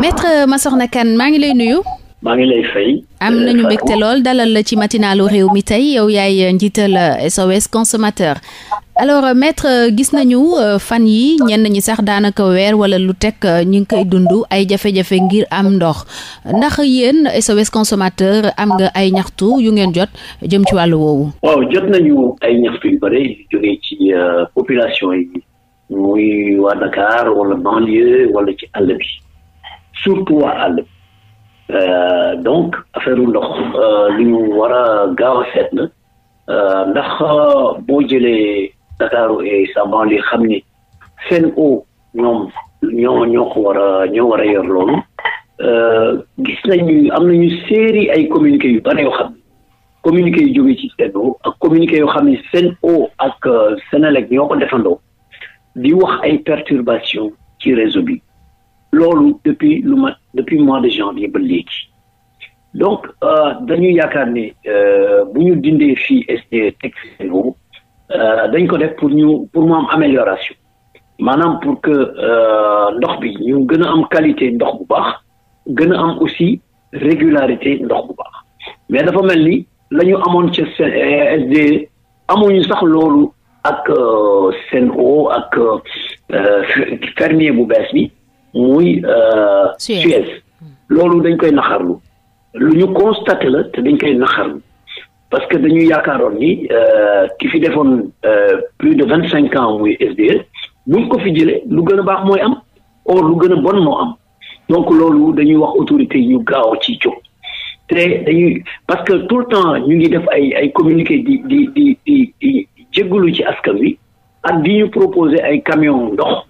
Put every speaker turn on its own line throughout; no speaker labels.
Maître Massokhna Kane maa ngi lay nuyu. maa ngi lay fay. am nañu euh, mbégte lool dalal la ci matinalu réew mi tey yow yaay njiital SOS euh, consommateur alors euh, maître gis nañu fan yi ñenn ñi sax daanaka weer wala lu teg ñu ngi koy dund ay jafe-jafe ngir am ndox ndax yéen SOS consommateur am nga ay ñaxtu yu ngeen jot jëm ci wàllu woowu.
waaw jot nañu ay ñaxtu yu bare yu jógee ci population yi muy waa Dakar wala banlieue wala ci àll bi. surtout waa àll bi euh, donc affaire ndox euh, lu ñu war a gaaw a seet la euh, ndax boo jëlee Ndakaaru et sa banlieue xam ni seen eau ñoom ñoo ñoo ko war a ñoo war a yor loolu gis nañu am nañu série ay communiqué yu bare yoo xam ne communiqué yu jóge ci Sen'Eau ak communiqué yoo xam ni ne Sen'Eau ak Senelec ñoo ko defandoo di wax ay perturbation ci réseau bi loolu depuis lu mat depuis mois de janvier ba léegi donc euh, dañu yaakaar ne euh, bu ñu dindee fii SDE teg seen euh, dañ ko def pour ñu pour mu am amélioration maanaam pour que ndox bi ñu gën a am qualité ndox bu baax gën a am aussi régularité ndox bu baax mais dafa mel ni la ñu amoon ca SDE amuñu sax loolu ak Sen'Eau ak fermier bu bees bi muy euh, Suez loolu dañ koy naxarlu lu ñu constaté la te dañ koy naxarlu parce que dañuy yaakaaroon ni euh, ki fi defoon euh, plus de vingt cinq ans muy SDE buñ ko fi jëlee lu gën a baax mooy am or lu gën a bon moo am donc loolu dañuy wax autorité yi ñu gaaw ci jóg te dañuy parce que tout le temps ñu ngi def ay ay communiqué di di di di ci askan wi ak di ñu proposer ay camion ndox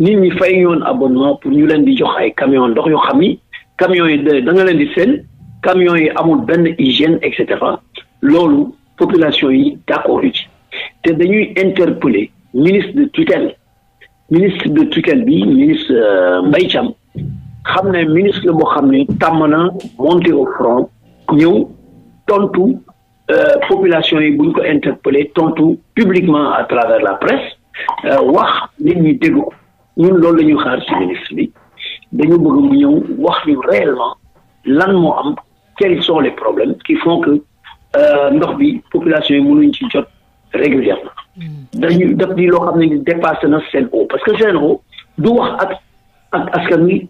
nit ñi fay ñoon abonnement pour ñu leen di jox ay camion ndox yoo xam ni camions yi da nga leen di seen camions yi amul benn hygiène et cetera loolu population yi d'accord ci te dañuy interpeller ministre de tutelle ministre de tutelle bi ministre euh, Mbaye Thiam xam ne ministre la boo xam ne tàmm na monter au front ñëw tontu euh, population yi bu ñu ko interpeller tontu publiquement à travers la presse euh, wax nit ñi dégg ñun loolu la ñuy xaar ci ministre bi dañu bëgg mu ñëw wax ñu réellement lan moo am quels sont les problèmes qui font que euh, ndox bi population yi mënuñ ci jot régulièrement mm. dañu def di loo xam ne ni dépassé na Sen'Eau parce que Sen'Eau du wax ak ak askan wi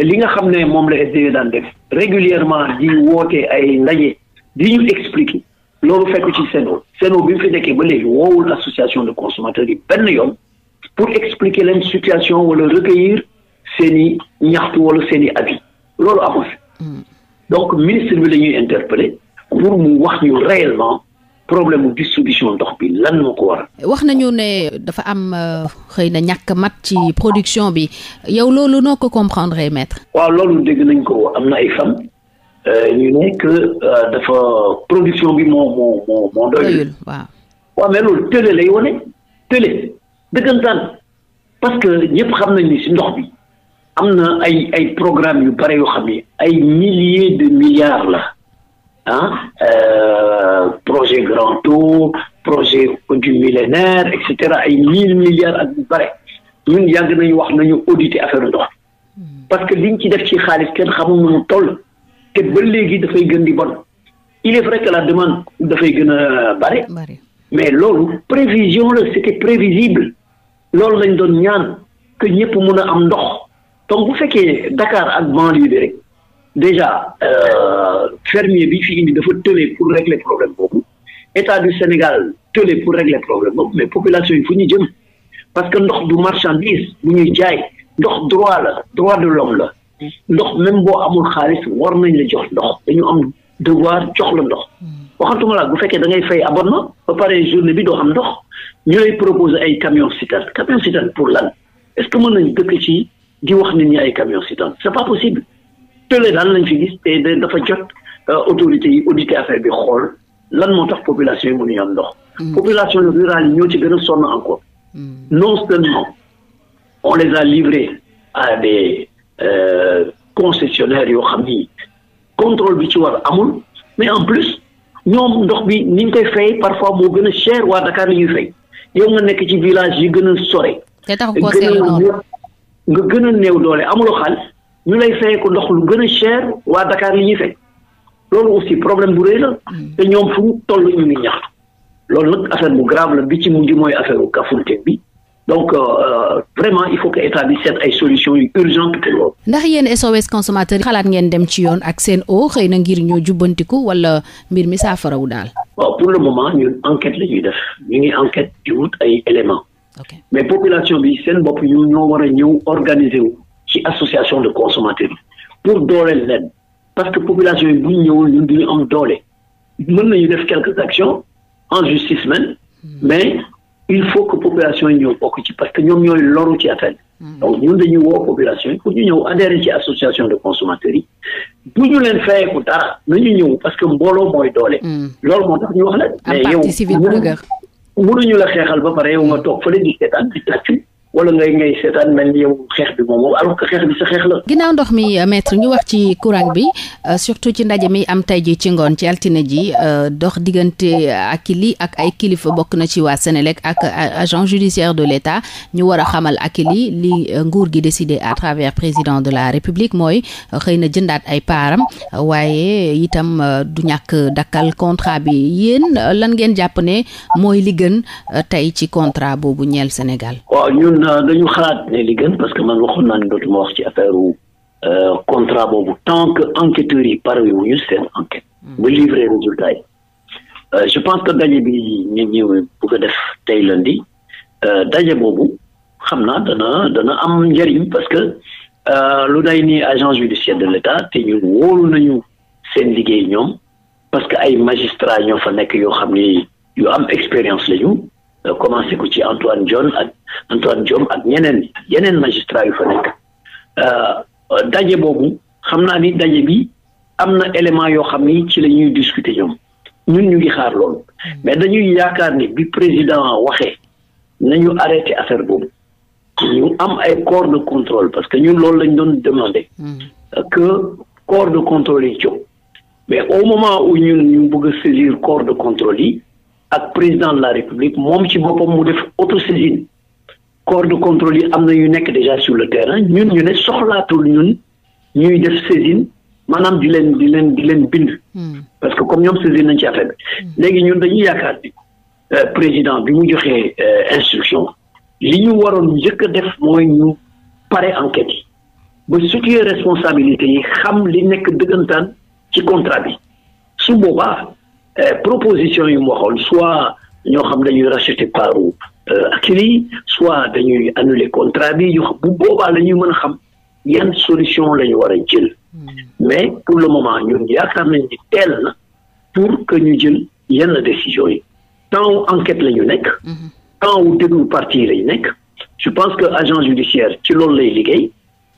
li nga xam ne moom la SDE daan def régulièrement di woote ay ndaje di ñu expliquer loolu fekk ci Sen'Eau Sen'Eau bi mu fi nekkee ba léegi woowul association de consommateurs yi benn yoon pour expliquer leen situation wala recueillir seen i ñaxtu walla seen i avis loolu amul hmm. donc ministre bi la ñuy pour mu wax ñu réellement problème mu distribution ndox bi lan moo ko war
wax nañu ne dafa am euh, xëy na ñàkk mat ci production bi yow loolu noo ko comprendre maître
waaw loolu dégg nañ ko am na ay fam euh, ñu ne que euh, dafa production bi moo moo moo moo doyul waaw waaw mais télé lay wane télé dëggantaan parce que ñëpp xam nañ ni si ndox bi am na ay ay programme yu bare yoo xam ne ay milliers de milliards la ah euh, projet Grand Eau projet du millénaire et cetera ay mille milliards ak bare ñun yàgg nañu wax nañu auditer affaire ndox parce que liñ ci def ci xaalis kenn xamul nu mu toll te ba léegi dafay gën di bon il est vrai que la demande dafay gën a bare mais loolu prévision la c'était prévisible loolu lañ doon ñaan que ñëpp mun a am ndox donc bu fekkee Dakar ak banlieue bi rek déjà euh, fermier bi fi indi dafa tële pour régler problème boobu état du Sénégal tële pour régler problème boobu mais population yi fu ñu jëm parce que ndox du marchandise bu ñuy jaay ndox droit la droit de l'homme la ndox même boo amul xaalis war nañ la jox ndox dañu am devoir jox la ndox waxantuma laa bu fekkee dangay ngay fay abonnement ba pare journée bi doo xam ndox ñu lay proposer ay camion citerne camion citerne pour lan est-ce que mën nañ dëkk ci di wax ni ñi ay camion citerne c'est pas possible tële daal lañ fi gis te dafa jot euh, autorités yi audité affaire bi xool lan moo tax population yi mënuñu am ndox hmm. population rurale yi ñoo ci gën a sonn encore hmm. non seulement on les a livrés à des euh, concessionnaires yoo xam ni contrôle bi ci war amul mais ñoom ndox bi ni ñu koy fay parfois moo gën a cher waa Dakar li ñuy fay yow nga nekk ci village yi gën a sore.
te taxul
nga gën a néew doole amuloo xaalis ñu lay fayee ko ndox lu gën a cher waa Dakar li ñuy fay loolu aussi problème bu rëy la. te ñoom fu mu toll ñu ngi ñaxtu. loolu nag affaire bu grave la bi ci mujj mooy affaire u Kafountine bi donc euh, euh, vraiment il faut que état ay solutions yu urgente pour loolu.
ndax yéen SOS consommateur xalaat ngeen dem ci yoon ak seen o xëy na ngir ñoo jubbantiku wala mbir mi saafara wu daal.
waaw pour le moment ñun enquête la ñuy def ñu ngi enquête di wut ay éléments. mais population bi seen bopp ñu ñoo war a ñëw organiser wu ci association de consommateurs yi pour dooleel leen parce que population yi bu ñu ñëwul ñun du ñu am doole mën nañu def quelques actions en justice même hmm. il faut que population yi ñëw bokk ci parce que ñoom ñooy loru ci affaire hmm. donc ñun dañuy woo population yi pour ñu ñëw adhérer ci association de consommateurs yi bu ñu dara nañu ñëw parce que mbooloo mooy doole. Hmm. loolu moo tax ñu wax la. mais yow mënuñu la xeexal ba pare yow nga toog fële di seetaan di tàccu. wala ngay ngay seetaan mel ni yow xeex bi moom alors que xeex bi sa xeex la.
ginnaaw ndox mi euh, maître ñu wax ci courant bi euh, surtout ci ndaje mi am tey ji ci ngoon ci altine ji euh, dox diggante Akilee ak ay kilifa bokk na ci waa Senelec ak agent judiciaire de l'État ñu war a xamal Akilee li nguur gi décidé à travers président de la République mooy xëy na jëndaat ay paaram waaye itam du ñàkk dakkal contrat bi yéen lan ngeen jàpp ne mooy li gën tey ci contrat boobu ñeel Sénégal.
dañu xalaat ne li gën parce que man waxoon naa ne dootuma wax ci affaire euh, contrat boobu tant que enquêteurs yi pare ñu seen enquête. Hmm. ba livrer résultat yi. Euh, je pense que daje bi ñu ñëw bu ko def tey lundi euh, daje boobu xam naa dana dana am njëriñ parce que lu day nii agent judiciaire de l'État te ñu wóolu nañu seen liggéey ñoom parce que ay magistrats ñoo fa nekk yoo xam ni yu am expérience lañu. Euh, commencé ko ci Antoine Diome ak Antoine Diome ak ñeneen yeneen magistrat yu fa nekk euh, daje boobu xam naa ni daje bi am na élément yoo xam ni ci lañuy ñuy discuter ñoom ñun ñu ngi xaar loolu mm. mais dañuy yaakaar ni bi président waxee nañu arrêté affaire boobu ñu am ay corps de contrôle parce que ñun loolu lañ doon demandé mm. euh, que corps de contrôle yi jóg mais au moment où ñun ñu bëgg saisir corps de contrôle yi ak président de la république moom ci boppam mu def autosaisine corps de contrôle yi am na yu nekk déjà sur le terrain ñun ñu ne soxlaatul ñun ñuy def saisine maanaam di leen di leen di leen bind. Hmm. parce que comme ñoom saisine nañ ci affaire léegi ñun dañuy yaakaar ni euh, président bi mu joxee euh, instruction li ñu waroon njëkk a def mooy ñu pare enquête yi ba situer responsabilité yi xam li nekk dëggantaan ci contrat bi su boobaa. Euh, proposition yu mu waxoon soit ñoo xam dañuy racheter paru euh, Akilee soit dañuy annuler contrat bi ñu bu boobaa la ñuy mën a xam yan solution la ñu war a jël hmm. mais pour le moment ñu ñun yaakaar nañ ni teel na pour que ñu jël yenn décision yi temps wu enquête la ñu nekk hmm. temps wu déglu parti la ñu nekk je pense que agent judiciaire ci loolu lay liggéey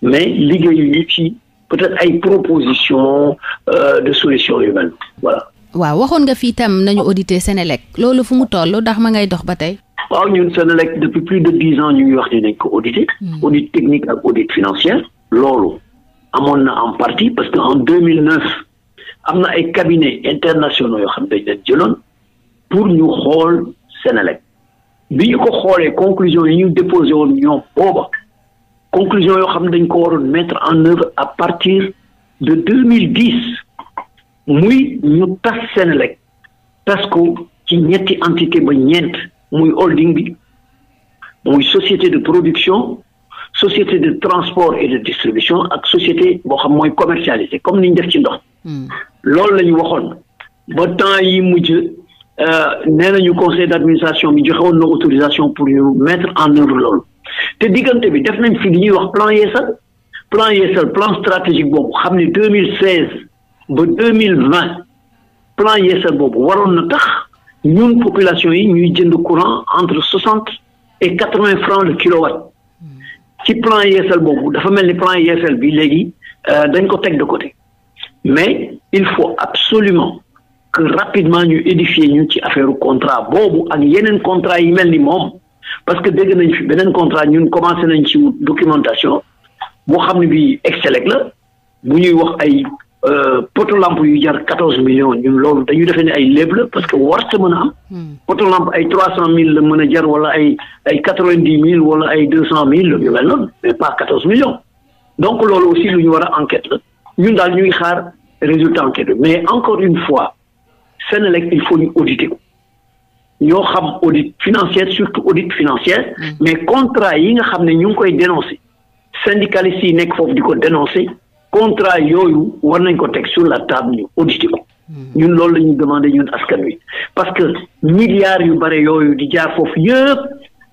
mais liggéeyu ñu ci peut-être ay proposition euh, de solution yu mel voilà
waaw waxoon nga fi itam nañu audité Sénélec loolu fu mu toll ndax ma ngay dox ba tey.
waaw ñun Sénélec depuis plus de dix ans ñu ngi wax ne nañ ko audité. Hmm. audit technique ak audit financier. loolu amoon na am partie parce que en deux mille am na ay cabinets internationaux yoo xam ne dañ leen jëloon pour ñu xool Sénélec bi ñu ko xoolee conclusion yi ñu déposé woon ñoom booba conclusion yoo xam ne dañ ko waroon mettre en œuvre à partir de deux mille muy ñu tas Senelec tas ko ci ñetti entité ba ñeent muy holding bi muy société de production société de transport et de distribution ak société boo xam mooy commercialisé comme ni ñu def ci ndox hmm. loolu la ñu waxoon ba temps yi mu mujj euh, nee nañu conseil d' administration bi joxe woon na autorisation pour ñu mettre en œuvre lool te diggante bi def nañ fi li ñuy wax plan yeesal plan yeesal plan stratégique boobu xam ne deux mille seize ba deux mille vingt plan yeesal boobu waroon na tax ñun population yi ñuy jënd courant entre soixante et quatre vingt francs le kilowatt ci plan yeesal boobu dafa mel ni plan yeesal bi léegi euh, dañ ko teg de côté mais il faut absolument que rapidement ñu édifier ñu ci affaire contrat boobu ak yeneen contrat yi mel ni moom parce que dégg nañ fi beneen contrat ñu commencé nañ ci documentation boo xam ne bi Excelec la bu ñuy wax ay Euh, poto lamp yu jar quatorze millions ñun loolu dañu defee ni ay léeb la parce que warta mën a am hmm. poto ay trois cent mille la mën a jar wala ay ay quatre vingt dix mille wala ay deux cent mille la ñu mel noonu mais pas quatorze millions donc loolu aussi lu ñu war a enquête la ñun daal ñuy xaar résultat enquête mais encore une fois Senelec il faut ñu auditer ko ñoo xam audit financière surtout audit financière hmm. mais contrat yi nga xam ne ñu ngi koy dénoncer syndicalistes yi nekk foofu di ko dénoncer contrat yooyu war nañ ko teg sur la table ñu audité ko hmm. ñun loolu la ñuy demandé ñun askan wi parce que milliards yu bare yooyu di jaar foofu yëpp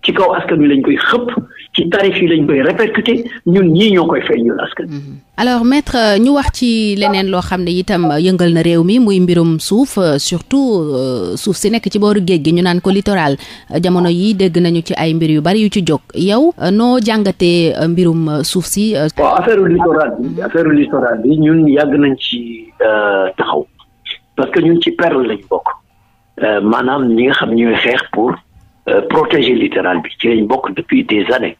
ci kaw askan wi lañ koy xëpp ci tarif yi lañ koy répercuter ñun ñii ñoo koy fay ñun askan mhm. alors
maître euh, ñu wax ci leneen loo xam ne itam yëngal na réew mi muy mbirum suuf euh, surtout euh, suuf si nekk ci booru géej gi ñu naan ko littoral jamono yi dégg nañu ci ay mbir yu bari yu ci jóg yow noo jàngate mbirum suuf si. waaw affaire littoral
littoral bi ñun yàgg nañ ci taxaw parce que ñun ci perle lañ bokk maanaam ñi nga xam ñooy xeex pour protéger littoral bi ci lañ bokk depuis des années.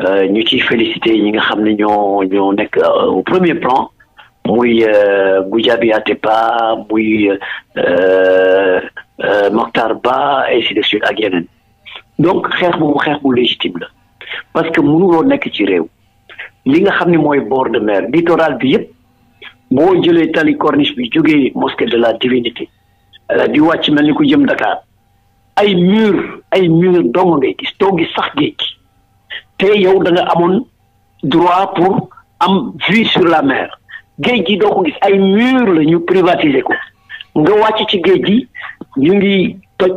Euh, ñu ciy félicité ñi nga xam ne ñoo ñoo nekk euh, au premier plan muy euh, Goudiaby Atepa muy Mokhtar Ba ainsi de suite ak yeneen donc xeex boobu xeex bu légitime la parce que mënuloo nekk ci réew li nga xam ni mooy bor de mer littoral bi yëpp boo jëlee tali corniche bi jógee mosquée de la divinité di wàcc mel ni ku jëm Dakar ay mur ay mur dong ngay gis sax géej gi te yow da nga amoon droit pour am vue sur la mer géej gi doo ko gis ay mur la ñu privatiser ko nga wàcc ci géej gi ñu ngi toj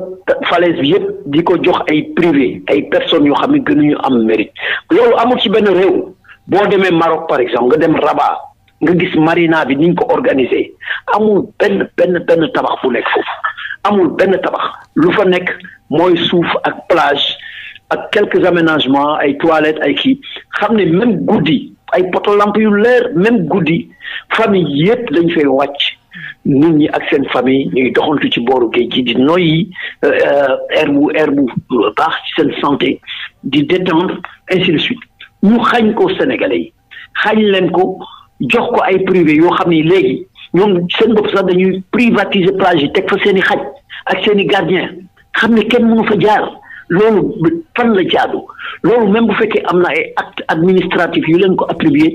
falaise bi yëpp di ko jox ay privé ay personnes yoo xam ne ñu am mérite yow amul ci benn réew boo demee Maroc par exemple nga dem Rabat nga gis marina bi niñ ko organiser amul benn benn benn tabax bu nekk foofu amul benn tabax lu fa nekk mooy suuf ak plage ak quelques aménagements ay toilettes ay kii xam ne même guddi ay poto lamp yu leer même guddi famille yëpp dañ fay wàcc nit ñi ak seen famille ñuy doxantu ci booru géej gi di noyyi euh, air bu air bu baax ci seen santé di détendre ainsi de suite ñu xañ ko Sénégalais yi xañ leen ko jox ko ay privé yoo xam ni léegi ñoom seen bopp sax dañuy privatiser plage yi teg fa seen i xaj ak seen i gardien xam ne kenn mënu fa jaar. loolu fan la jaadu loolu même bu fekkee am na ay acte administratif yu leen ko attribué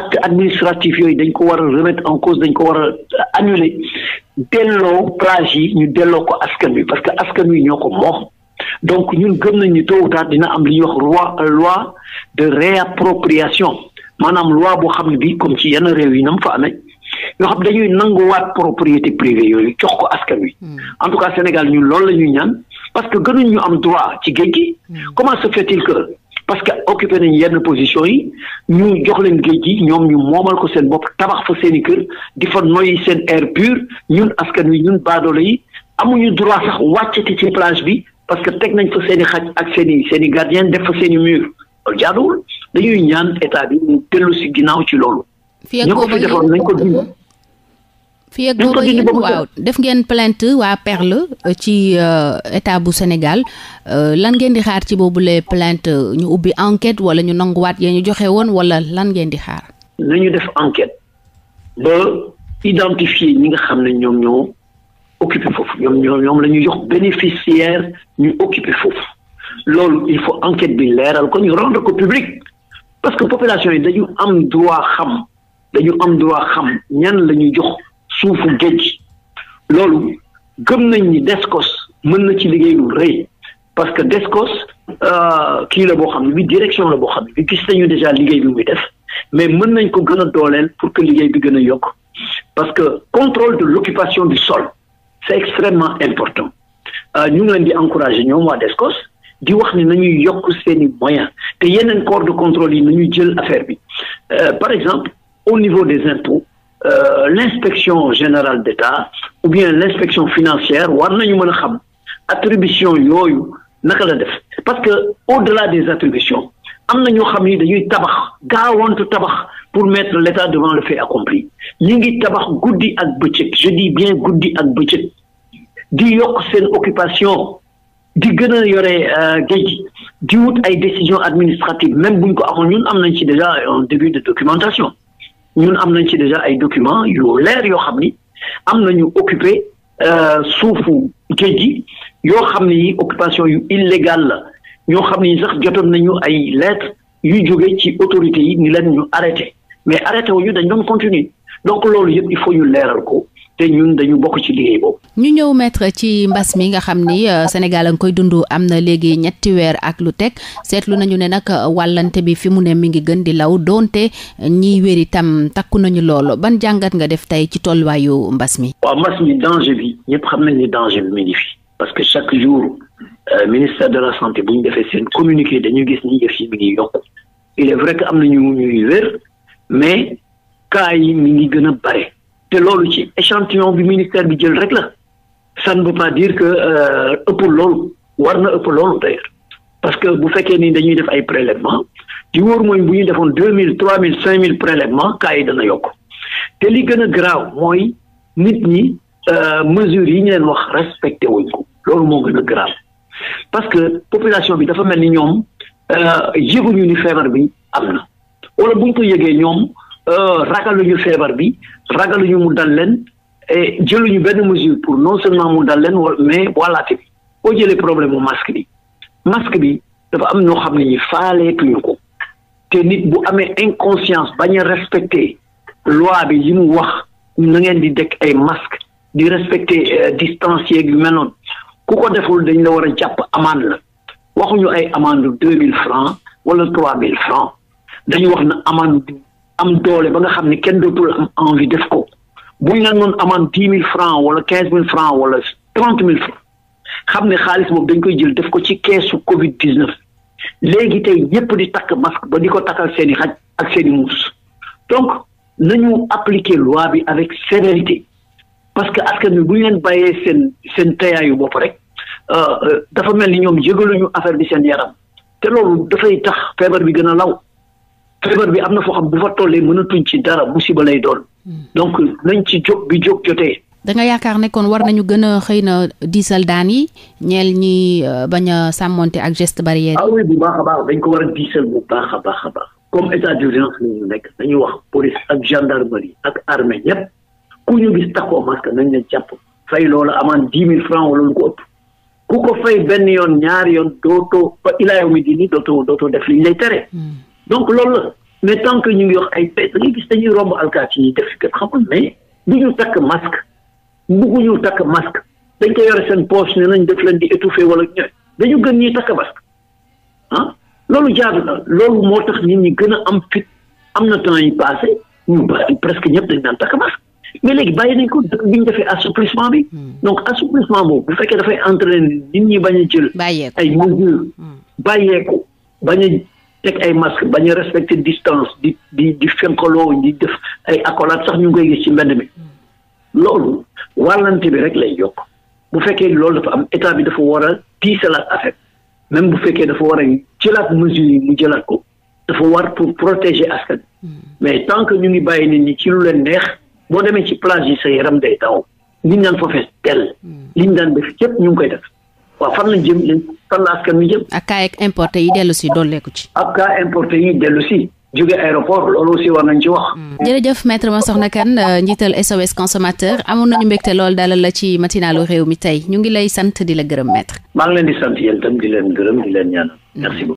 acte administratif yooyu dañ ko war a remettre en cause dañ ko war a annuler delloo plage yi ñu delloo ko askan wi parce que askan wi ñoo ko moom donc ñun gën nañ ni tôt ou dina am li ñuy wax loi loi de réappropriation maanaam loi boo xam ne bii comme ci yenn réew yi nam fa amee yoo xam dañuy nanguwaat propriété privée yooyu jox ko askan wi hmm. en tout cas Sénégal ñun parce que gënuñ ñu am droit ci géej gi. Hmm. comment se fait-il que parce que occupé nañ yenn position yi ñu jox leen géej gi ñoom ñu moomal ko seen bopp tabax fa seen i kër di fa noyyi seen air pur ñun askan wi ñun baadoolo yi amuñu droit sax wàccati ci plage bi parce que teg nañ fa seen i xaj ak seen i seen i gardien def fa seen i mur loolu dañuy ñaan état bi mu dellu si ginnaaw ci loolu.
ñoo ko fi defoon nañ ko dund. fii ak booba yéen waaw def ngeen plainte waa Perle euh, ci euh, état bu Sénégal euh, lan ngeen di xaar ci boobu les plainte ñu ubbi enquête wala ñu nanguwaat yee ñu joxe woon wala lan ngeen di xaar.
ñu def enquête ba identifier ñi nga xam ne ñoom ñoo occupé foofu ñoom ñoom ñoom la ñu jox ñu occupé foofu loolu il faut enquête bi leeral ko ñu rendre ko public parce que population yi dañu am droit xam dañu am droit xam ñan la ñu jox. suufu géej loolu gëm nañ ni DSCOS mën na ci liggéey lu rëy parce que DSCOS euh, kii la boo xam ne bi direction la boo xam ne bi gis nañu déjà liggéey bi muy def mais mën nañ ko gën a dooleel pour que liggéey bi gën a yokk parce que contrôle de l'occupation du sol c'est extrêmement important euh, ñu ngi leen di encourager ñoom waa DSCOS di wax ni nañuy yokk seeni moyen te yeneen corps de contrôle yi nañuy jël affaire bi euh, par exemple au niveau des impôts euh, l'inspection générale d'État ou bien l'inspection financière war nañu mën a xam attribution yooyu naka la def parce que au-delà des attributions am na ñoo xam ni dañuy tabax gaawantu tabax pour mettre l'État devant le fait accompli ñi ngi tabax guddi ak bëccëg je dis bien guddi ak bëccëg di yokk seen occupation di gën a yore euh, géej di wut ay décisions administratives même buñ ko amoon ñun am nañ ci déjà un début de documentation ñun am nañ ci déjà ay documents yo leer yoo xam ni am na nañu occupé euh, suufu géej gi yoo xam ni occupation yu illégale la ñoo xam ni sax na ñu ay lettres yuy jóge ci autorités yi ni leen ñu arrêté mais arrêté wu ñu dañ doon continuer donc loolu yëpp il faut ñu leeral ko te ñun dañu bokk ci liggéey boobu.
ñu ñëw maître ci mbas mi nga xam ni euh, Sénégal a koy dund am na léegi ñetti weer ak lu teg seetlu nañu ne nag euh, wàllante bi fi mu ne mi ngi gën di law doonte ñiy wér itam takku nañu loolu ban jàngat nga def tey ci tolluwaayu mbas mi.
waaw mbas mi danger bi ñëpp xam nañ ne danger bi mi ngi fi parce que chaque jour euh, ministère de la santé bu ñu defee seen communiqué dañuy gis ni yëf yi mi ngi il est vrai que am na ñu te loolu ci échantillon bi ministère bi jël rek la ça ne veut pas dire que euh, ëppul loolu war na ëpp loolu d'ailleurs parce que bu fekkee ni dañuy def ay prélèvement di wóor mooy bu ñu defoon deux mille trois mille cinq mille prélèvement cas yi dana yokk te li gën a graaw mooy nit ñi euh, mesures yi ñu leen wax respecté wuñ ko loolu moo gën a grave parce que population bi dafa mel ni ñoom euh, yëguñu ni feebar bi am na wala buñ ko yëgee ñoom Euh, ragaluñu feebar bi ragaluñu mu dal leen et jëluñu benn mesure pour non seulement mu dal leen mais wàllaate bi boo jëlee problème mu masque bi masque bi dafa am ñoo xam ne ñu faaleetuñu ko te nit bu amee inconscience bañ a respecté loi bi yi mu wax na ngeen di dekk ay masque di respecté euh, distance yeeg yu mel noonu ku ko deful dañ la war a jàpp amende la waxuñu ay amende deux mille francs wala trois mille francs dañu wax na amende am doole ba nga xam ne kenn dootul am envie def ko bu la noon amaan dix mille francs wala quinze mille francs wala trente mille francs xam ne xaalis boobu dañ koy jël def ko ci keesu Covid dix neuf léegi tey ñëpp di takk masque ba di ko takkal seen i xaj ak seen muus donc nañu appliquer loi bi avec sévérité parce que askan bi bu ñu leen bàyyee seen seen teyaayu bopp rek euh, euh, dafa mel ni ñoom yëgaluñu affaire bi seen yaram te loolu dafay tax feebar bi gën a law. feebar bi am na foo xam bu fa tollee mënatuñ ci dara bu siba lay doon. Hmm. donc nañ ci jóg bi jóg jotee.
da nga yaakaar ne kon war nañu gën a xëy na diisal daan yi ñeel ñi euh, baña a sàmmonte ak geste barrière. ah
bu baax baax dañ ko war a diisal bu baax a baax a baax. comme état d'urgence la nekk dañuy wax police ak gendarmerie ak armée ñëpp ku ñu gis takkoo masque nañ leen jàpp fay loola amaan dix mille francs wala lu ko ëpp ku ko fay benn yoon ñaari yoon dootoo ba ilaa yow mi di nii donc loolu la mais tant que ñu ngi wax ay pes da gis dañuy romb alkaati yi def ci kër xamul mais du ñu takk masque bugguñu takk masque dañ koy yore seen poche ne nañ def leen di étouffé wala ño dañu gën ñuy takk masque ah loolu jaadu la loolu moo tax nit ñi gën a am fit am na temps yi passé ñu bàyyi presque ñëpp dañ daan takk masque mais léegi bàyyi nañ ko bi ñu defee assouplissement bi hmm. donc assouplissement boobu bu fekkee dafay entraîner nit ñi bañ a jël ay mesures hmm. bàyyeeku bañ a teg ay masque bañ a respecté distance di di di fenkaloo di def ay accolade sax ñu ngi koy gis ci mbedd mi loolu wàllent bi rek lay yokk bu fekkee loolu dafa am état bi dafa war a tiisalaat affaire même bu fekkee dafa war a jëlaat mesures yi mu jëlaat ko dafa war pour protéger askan hmm. mais tant que ñu ngi bàyyi nit ñi ci lu leen neex boo demee ci plage yi sa yaram day taw liñ daan fa fees tell hmm. liñ daan def yëpp ñu ngi koy def waaw fan lañ jëm fan la askan wi jëm.
ak kaa yeeg importé yi dellu si
dolleeku ci. ak kaa importé yi dellu si. jóge aéroport loolu aussi war nañ ci wax. Hmm.
jërëjëf maître Massokhna Kane euh, njiital SOS consommateur amoon nañu mbégte lool dalal la ci matinalu réew mi tey ñu ngi lay sant di la gërëm maître.
maa ngi leen di sant yéen di leen gërëm di leen ñaanal. Hmm. merci beaucoup.